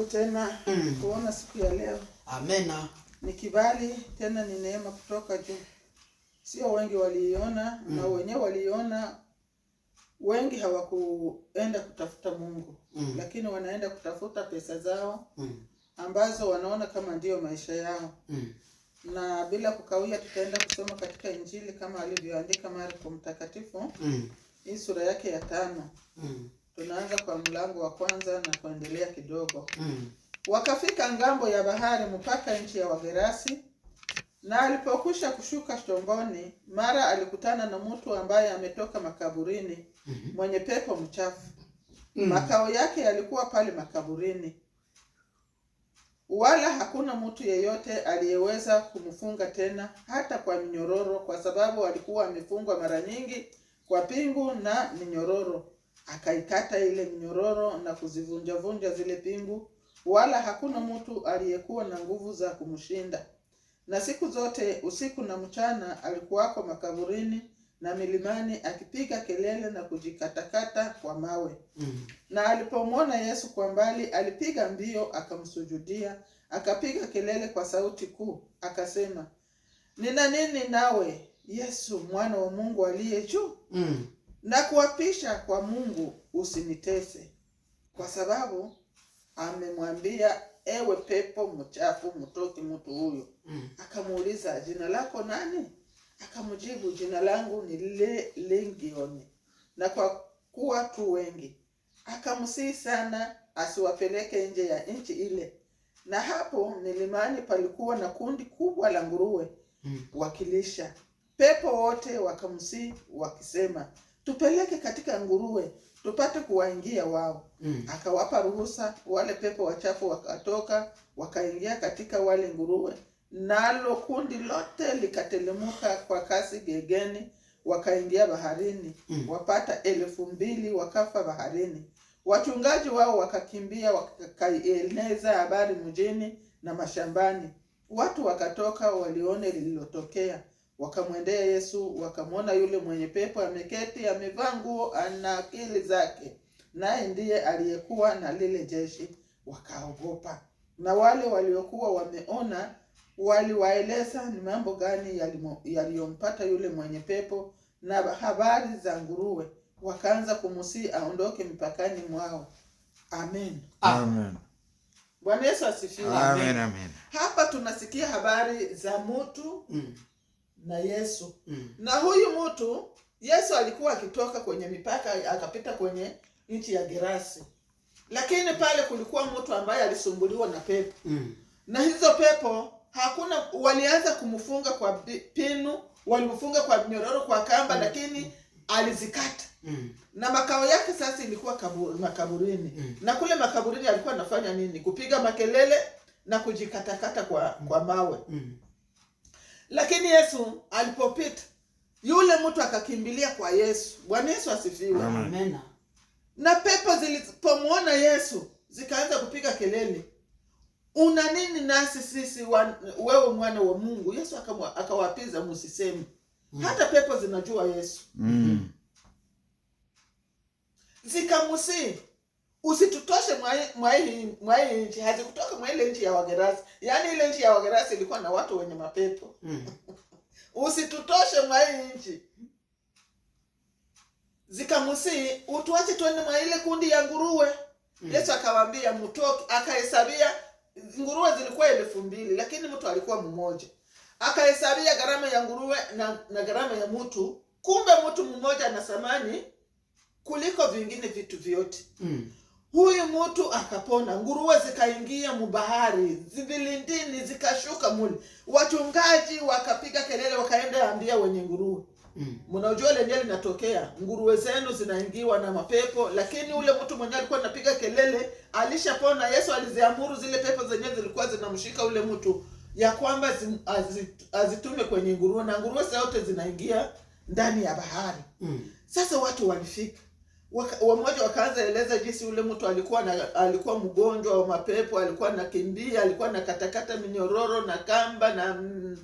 Mungu tena mm. kuona siku ya leo. Amena. Ni kibali tena, ni neema kutoka juu. Sio wengi waliiona mm. na wenyewe waliiona, wengi hawakuenda kutafuta Mungu mm. lakini wanaenda kutafuta pesa zao mm. ambazo wanaona kama ndiyo maisha yao mm. na bila kukawia, tutaenda kusoma katika Injili kama alivyoandika Marko Mtakatifu mm. hii sura yake ya tano mm tunaanza kwa mlango wa kwanza na kuendelea kidogo. mm. Wakafika ngambo ya bahari mpaka nchi ya Wagerasi, na alipokwisha kushuka chomboni, mara alikutana na mtu ambaye ametoka makaburini, mm-hmm. mwenye pepo mchafu. mm. Makao yake yalikuwa pale makaburini, wala hakuna mtu yeyote aliyeweza kumfunga tena, hata kwa minyororo, kwa sababu alikuwa amefungwa mara nyingi kwa pingu na minyororo akaikata ile mnyororo na kuzivunjavunja zile pingu, wala hakuna mtu aliyekuwa na nguvu za kumshinda. Na siku zote usiku na mchana alikuwako makaburini na milimani akipiga kelele na kujikatakata kwa mawe. Mm. Na alipomwona Yesu kwa mbali, alipiga mbio akamsujudia, akapiga kelele kwa sauti kuu, akasema, nina nini nawe, Yesu mwana wa Mungu aliye juu? Mm na kuapisha kwa Mungu, usinitese, kwa sababu amemwambia ewe pepo mchafu mtoke mtu huyo. Mm. Akamuuliza, jina lako nani? Akamjibu, jina langu ni le Legioni, na kwa kuwa tu wengi. Akamsihi sana asiwapeleke nje ya nchi ile. Na hapo milimani palikuwa na kundi kubwa la nguruwe mm. wakilisha. Pepo wote wakamsihi wakisema tupeleke katika nguruwe tupate kuwaingia wao. Mm. Akawapa ruhusa, wale pepo wachafu wakatoka wakaingia katika wale nguruwe, nalo kundi lote likatelemuka kwa kasi gegeni, wakaingia baharini. Mm. Wapata elfu mbili wakafa baharini. Wachungaji wao wakakimbia, wakaieneza habari mjini na mashambani. Watu wakatoka, walione lililotokea. Wakamwendea Yesu, wakamwona yule mwenye pepo ameketi, amevaa nguo, ana akili zake, naye ndiye aliyekuwa na lile jeshi, wakaogopa. Na wale waliokuwa wameona waliwaeleza ni mambo gani yaliyompata yule mwenye pepo na habari za nguruwe, wakaanza kumusii aondoke mpakani mwao. Amen, amen. Bwana Yesu asifiwe. Amen, amen. Hapa tunasikia habari za mtu mm na Yesu mm. na huyu mtu Yesu alikuwa akitoka kwenye mipaka akapita kwenye nchi ya Gerasi, lakini pale kulikuwa mtu ambaye alisumbuliwa na pepo mm. na hizo pepo hakuna, walianza kumfunga kwa pinu, walimfunga kwa nyororo, kwa kamba mm. lakini alizikata mm. na makao yake sasa ilikuwa makaburini mm. na kule makaburini alikuwa anafanya nini? Kupiga makelele na kujikatakata kwa, kwa mawe mm. Lakini Yesu alipopita yule mtu akakimbilia kwa Yesu. Bwana Yesu asifiwe. Amen. Na pepo zilipomwona Yesu zikaanza kupiga kelele, una nini nasi sisi wewe mwana wa Mungu? Yesu akawapiza aka mm. hata pepo zinajua Yesu. mm. Zikamusii usitutoshe mwa hii nchi, hazikutoka mwa ile nchi ya Wagerasi. Yaani ile nchi ya Wagerasi ilikuwa na watu wenye mapepo mm. usitutoshe mwa hii nchi, zikamusii utuache twende mwa ile kundi ya nguruwe mm. Yesu akawaambia mtoke, akahesabia nguruwe zilikuwa elfu mbili lakini mtu alikuwa mmoja, akahesabia gharama ya nguruwe na, na gharama ya mtu. Kumbe mtu mmoja ana thamani kuliko vingine vitu vyote mm. Huyu mtu akapona, nguruwe zikaingia mubahari, zivilindini zikashuka muli. Wachungaji wakapiga kelele, wakaenda ambia wenye nguruwe mm. Mnaujua lenye linatokea, nguruwe zenu zinaingiwa na mapepo, lakini ule mtu mwenye alikuwa anapiga kelele alishapona. Yesu aliziamuru zile pepo zenyewe zilikuwa zinamshika ule mtu ya kwamba azitume kwenye nguruwe, na nguruwe zote zinaingia ndani ya bahari mm. Sasa watu walifika wamoja wakaanza eleza jinsi ule mtu alikuwa na, alikuwa mgonjwa wa mapepo, alikuwa nakimbia alikuwa nakatakata minyororo na kamba na mm,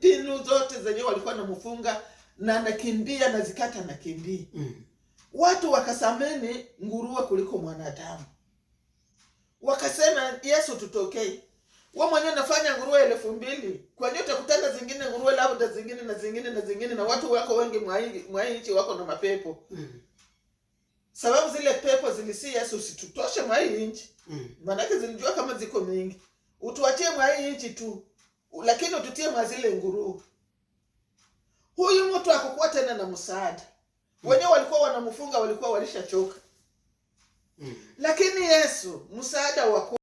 pinu zote zenyewe walikuwa namfunga na nakimbia na zikata anakimbia mm. Watu wakasameni nguruwe kuliko mwanadamu, wakasema Yesu tutokee wewe mwenyewe nafanya nguruwe elfu mbili kwa nini utakutana zingine nguruwe labda zingine na zingine na zingine na watu wako wengi mwa nchi wako na mapepo mm sababu zile pepo zilisi Yesu, usitutoshe mwa hii nchi mm. Maanake zilijua kama ziko mingi, utuachie mwa hii nchi tu, lakini ututie mwa zile nguruhu. Huyu mtu akukuwa tena na msaada mm. Wenyewe walikuwa wanamfunga, walikuwa walishachoka mm. Lakini Yesu msaada wako